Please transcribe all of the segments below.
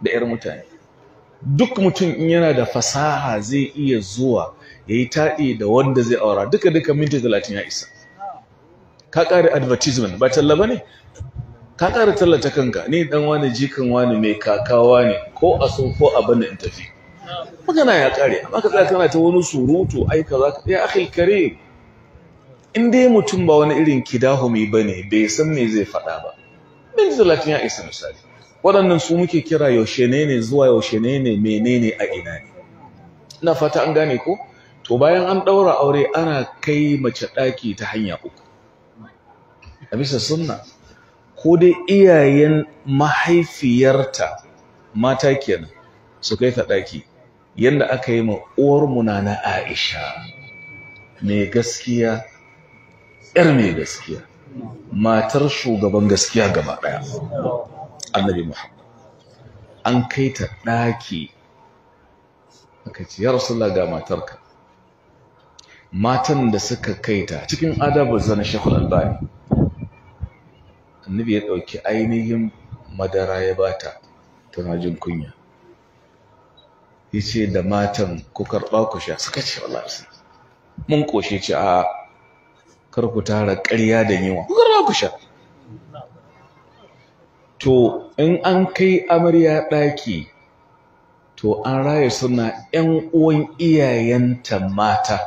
da 'yar mutane duk mutum in yana da fasaha zai iya zuwa ya yi taɗi da wanda zai aura duka duka minti talatin ya isa ka ƙare advertisement ba talla ba ne ka ƙara tallata kanka ni ɗan wani jikin wani mai kakawa ne ko a sun ko a bana in tafi magana ya ƙare amma ka tsaya kana ta wani surutu ai za ka ya akai kare in dai mutum ba wani irin kidahumi ne bai san me zai faɗa ba minti talatin ya isa misali waɗannan su muke kira yaushe ne ne zuwa yaushe ne ne menene a ina ne ina fata an gane ko to bayan an ɗaura aure ana kai mace ɗaki ta hanya uku a bisa sunna ko dai iyayen mahaifiyarta mata kenan su kai ta ɗaki yadda aka yi ma uwarmu na aisha mai gaskiya 'yar mai gaskiya matar shugaban gaskiya gaba ɗaya annabi Muhammad an kai ta ɗaki aka ce ya rasulullah ga matarka matan da suka kai ta cikin adabu zana shekul albani annabi ya ɗauki ainihin madara ya bata tana jin kunya yace da matan ku karɓa ku sha suka ce wallahi mun koshe ce a kar ku tara ƙarya da yiwa ku karɓa ku sha to in an kai amarya ɗaki to an raye suna ‘yan uwan iyayenta mata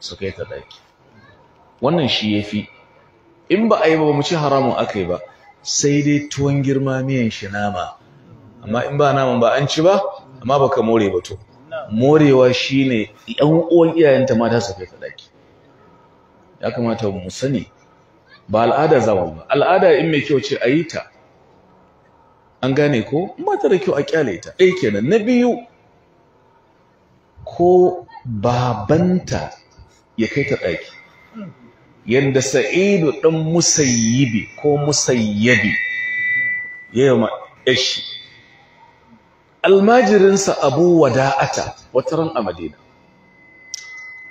su kai ta ɗaki wannan shi ya fi in ba a yi ba mu ci haramun aka yi ba sai dai tuwon girma miyan shi nama amma in ba naman ba an ci ba amma baka more ba to morewa shine yan uwan iyayenta mata su kai daki. ya kamata mu sani ba al'ada zama ba al'ada in mai kyau ce a yi ta an gane ko mata da kyau a kyale ta ɗai kenan na biyu ko babanta ya kai ta ɗaki yadda sa'idu ɗan musayyibi ko musayyabi ya yi ma yashi almajirinsa abu wada'ata wata ran a madina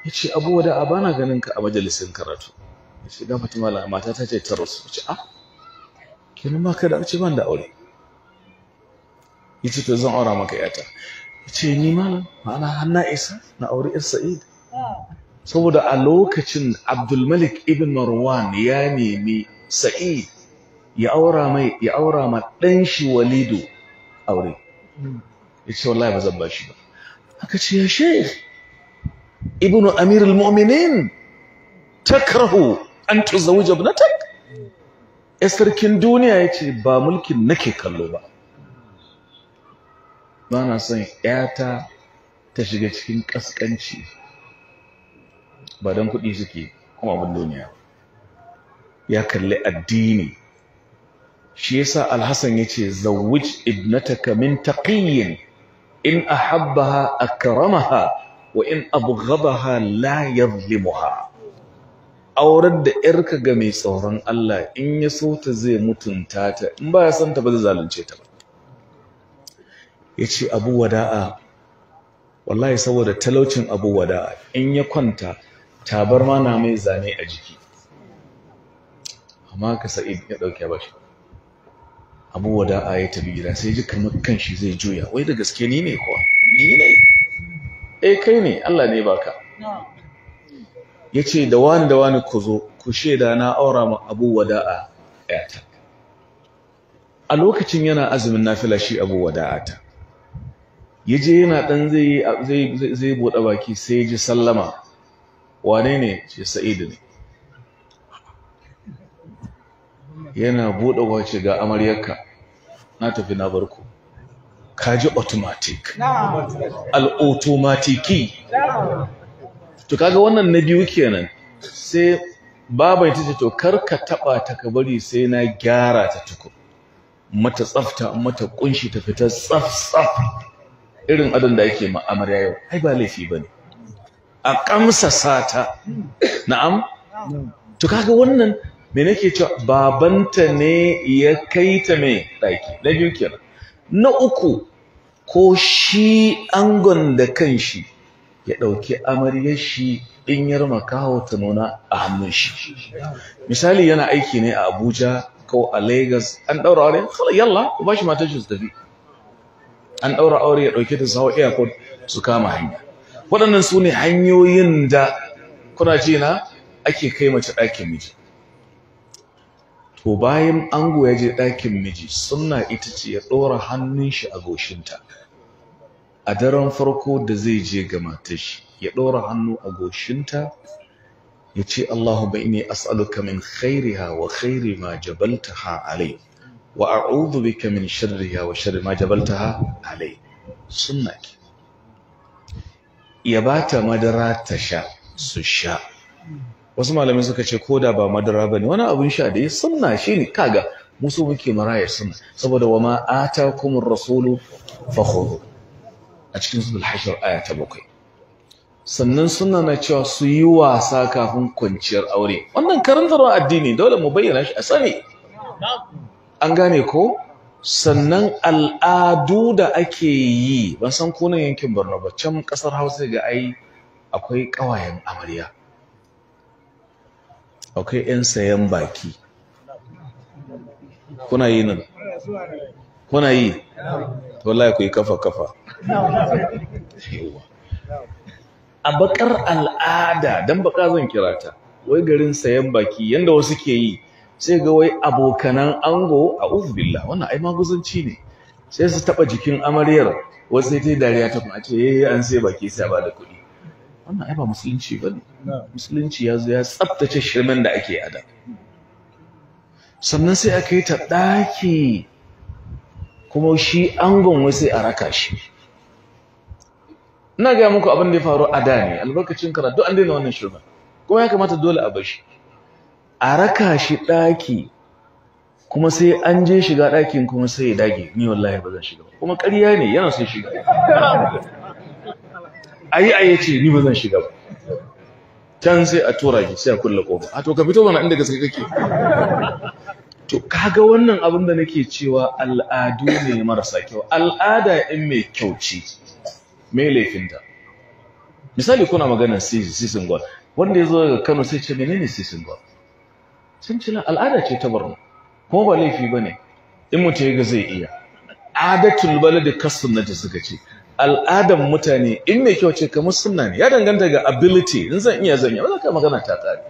ya ce abu wada'a ba na ganin ka a majalisin karatu ya ce ga mata ta ce ta rasu ya ce a ah, kenan ma kada a ce ban da aure ya ta, zan aura maka yata yace ce ni malam ma'ana har isa na aure yar sa'id saboda a lokacin abdulmalik ibn marwan ya nemi sa'id ya aura mai ya aura ma ɗan shi walidu aure ya wallahi ba zan bashi ba aka ce ya sheikh ibnu amir al-mu'minin takrahu an tuzawwija ibnatak sarkin duniya yace ba mulkin nake kallo ba ba na son ‘yata ta shiga cikin ƙasƙanci ba don kuɗi suke kuma abin duniya ya kalli addini shi yasa Alhasan ya ce zawuj ibnataka min taqiyin in ahabbaha akramaha wa in abghadaha la yadhlimuha aurar da ‘yarka ga mai tsoron Allah in ya so ta zai mutunta ta in ba ya san ta ba zai zalunce ta ba ya ce abu wada'a wallahi saboda talaucin abu wada'a in ya kwanta tabar ma na mai zane a jiki amma ka sa'id ya dauke ba shi abu wada'a ya tafi gida sai ji kamar kanshi zai juya wai da gaske ni ne kuwa ni ne eh kai ne Allah ne baka ya ce da wani da wani ku zo ku shaida na aura ma abu wada'a ta. a lokacin yana azumin nafila shi abu wada'a ta ya je yana ɗan zai buɗe baki sai ji sallama wane ne ce sa'idu ne yana buɗa wace ga amaryarka na tafi na barko Ka ji automatic al'automatiki to kaga wannan na biyu kenan sai babai ta ce to karka taba ta ka bari sai na gyara ta tuku mata tsafta mata kunshi ta fita tsaf tsaf irin adon da ake ma amarya yau ai ba laifi bane a kamsa sata na'am to kaga wannan me nake cewa babanta ne ya kai ta mai ɗaki na biyu kenan na uku ko shi angon da kan shi ya ɗauki amaryar shi in yar makaho ta nuna a hannun shi misali yana aiki ne a abuja ko a lagos an ɗaura ne? yalla ba shi shi su tafi an ɗaura aure ya ɗauke ta su hau airport su kama hanya waɗannan su ne hanyoyin da kuna ce na ake kai mace ɗakin miji to bayan ango ya je ɗakin miji suna ita ce ya ɗora hannun shi a goshinta a daren farko da zai je ga matar shi ya ɗora hannu a goshinta ya ce Allahumma inni as'aluka min khairiha wa khairi ma jabaltaha alayhi wa a'udhu bika min sharriha wa sharri ma ha alai ki ya bata madara ta sha su sha wasu malamai suka ce ko da ba madara ba ne wani abin sha da ya shi ne kaga musu muke maraya suna saboda wa ma kuma rasulu fahoro a cikin suratul hashr aya ta bakwai sannan suna na cewa su yi wasa kafin kwanciyar aure wannan karantarwa addini dole mu bayyana shi a sani an gane ko sannan al'adu da ake yi ban san kunan yankin borno ba can kasar hausa ga ai akwai ƙawayen amarya akwai 'yan sayan baki kuna yi nan kuna yi wallahi ku yi kafa-kafa a bakar al'ada don baka zan kirata wai garin sayan baki yadda wasu ke yi sai ga wai abokanan ango a uzbillah wannan ai maguzanci ne sai su taba jikin amaryar wasu sai ta yi dariya ta kuma ce yayi an sai baki sai ba da kuɗi wannan ai ba musulunci ba ne musulunci ya zo ya tsaftace shirmen da ake ada sannan sai aka yi ta ɗaki kuma shi angon wai sai a raka shi ina gaya muku abin da ya faru a da ne albarkacin karatu an daina wannan shirmen kuma ya kamata dole a bar shi a raka shi ɗaki kuma sai an je shiga ɗakin kuma sai ya dage ni wallahi ba zan shiga ba kuma ƙarya ne yana sai shiga ayi yi ce ni ba zan shiga ba can sai a tura ki sai a kulle kofa a to ka fito mana inda gaske kake to kaga wannan abin da nake cewa al'adu ne marasa kyau al'ada in mai kyau ce mai laifinta misali kuna maganar sisin gwal wanda ya zo daga kano sai ce menene sisin gwal Sun cincinin al'ada ce ta Borno, kuma ba laifi ba ne in mutum ga zai iya adatul balad kasunna ta suka ce al'adan mutane in mai kyau ce kamar sunna ne ya danganta ga ability in zan iya zan yi ba za ka magana ta tsari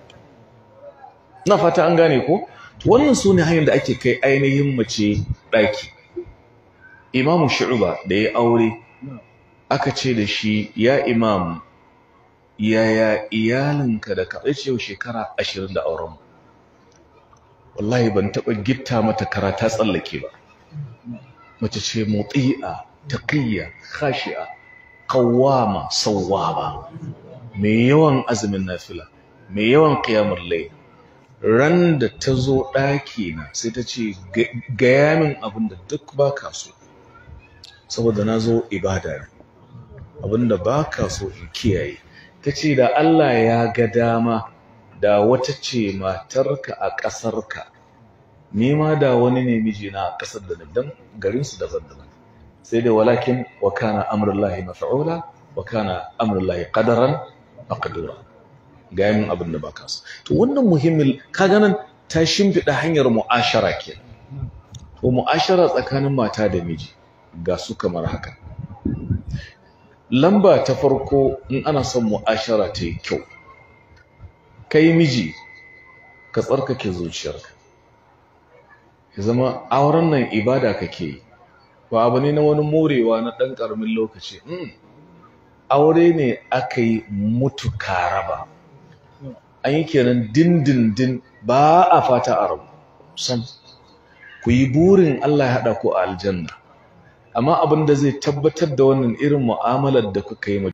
na fata an gane ko wannan su ne hanyar da ake kai ainihin mace ɗaki imamu shu'uba da ya aure aka ce da shi ya imam yaya iyalinka da ka ce yau shekara ashirin da auren mu wallahi ban taɓa gitta mata kara ta tsallake ba mace ce mutsi'a kashi'a khashi'a sauwa ba. mai yawan azumin nafila mai yawan qiyamul layl ran da ta zo ɗaki na sai ta ce gaya min abin da duk ba ka so saboda na zo ibada ne abin da ba ka so in kiyaye ta ce da Allah ya ga dama da wata ce matarka a ƙasarka ni ma da wani ne mijina a ƙasar da daban garinsu daban-daban sai da walakin wa kana amrullahi mafa'ula wa kana amrullahi qadaran maqdura ga yin abin da baka so to wannan muhimmin kaga nan ta shimfiɗa hanyar mu'ashara ke to mu'ashara tsakanin mata da miji ga su kamar haka lamba ta farko in ana son mu'ashara ta yi kyau kai miji ka tsarkake zuciyarka ya zama auren nan ibada kake yi ba abu ne na wani morewa na ɗan ƙaramin lokaci hmm. aure ne aka yi mutu ba an yi kenan dindindin ba a fata a rabu sam ku yi burin Allah ya haɗa ku a aljanna amma abin da zai tabbatar da wannan irin mu'amalar da kuka yi